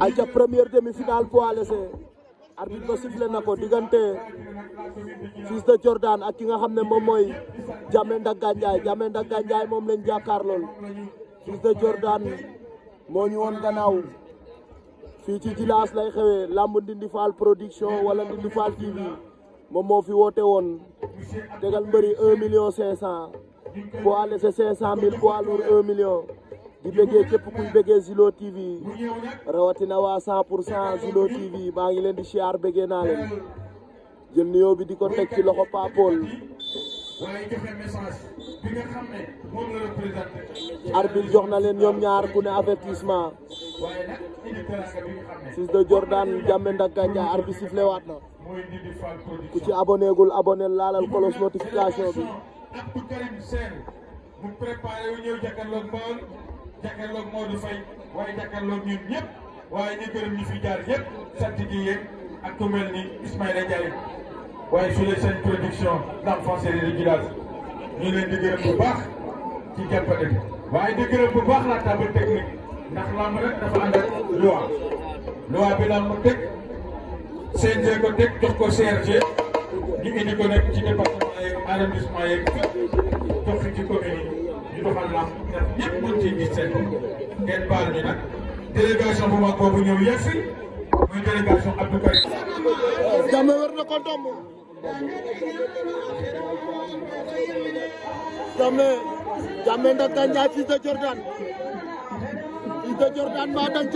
ayca première demi-finale poids léger arbitre ba sifflé na ko diggante fils de Jordan ak ki nga xam ne moom mooy Jamenda Gandiaye Jamenda Gandiaye moom lañ jàkkaar lool fils de Jordan moo ñu woon gannaaw fii ci Djilass lay xewee lamb Ndindy Fall production wala Ndindy Fall TV moom moo fi woote woon tegal mbëri un million cinq cent poids léger cinq cent mille poids di bëggee képp kuy bëggee Zilo TV rawatina waa 100 pour cent Zilo TV maa ngi leen di siyaar bëggee naa leen jël nuyoo bi di ko teg ci loxo Paapol. arbitre jox na leen ñoom ñaar ku ne avertissement. Fils de Jordan Jammeh Ndakanja arbitre sifflé waat na. ku ci abonné gul laalal kolos notification bi. jàkkaarloog Modou Faye waaye jàkkaarloog ñun ñëpp waaye ñu gërëm ñu fi jaar yëpp sant gi yeeg ak ku mel ni Ismaïla Diallo waaye fii la seen production l'enfant séeréer du village leen di gërëm bu baax ci jàppale bi waaye di gërëm bu baax la table technique ndax lamb rek dafa ànd ak loi loi bi lamb teg CNG ko teg jox ko CRG ñu indi ko nag ci département yeeg arrondissement yeeg fépp jox fi ci commune doxal làmb ndax ñëpp mën cee wër na ko ndomb. Jammeh Jammeh ndax dañ jaay Jordan fils Jordan maa dañ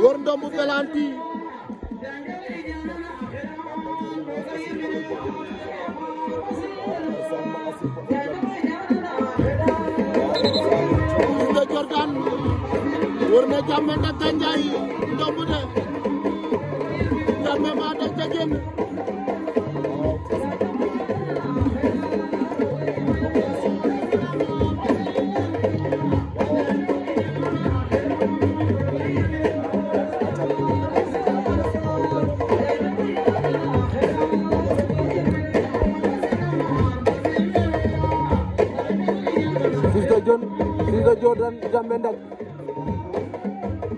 wër ndomb belanti wër na jàmbe nag gàncax yi ndomb de jàmbe maa daj ca génn Jordan Jambe Ndag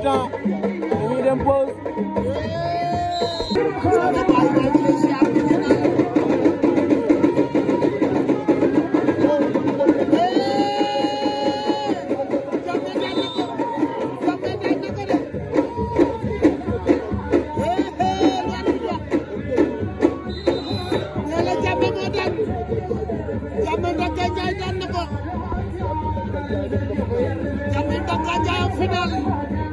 mi-temps dañuy dem pause. Jamil Daka Ndiaye final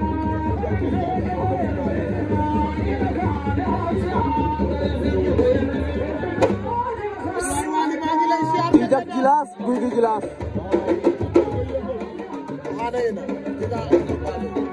Ijat jelas, Guy Gilas. Ada ini. Kita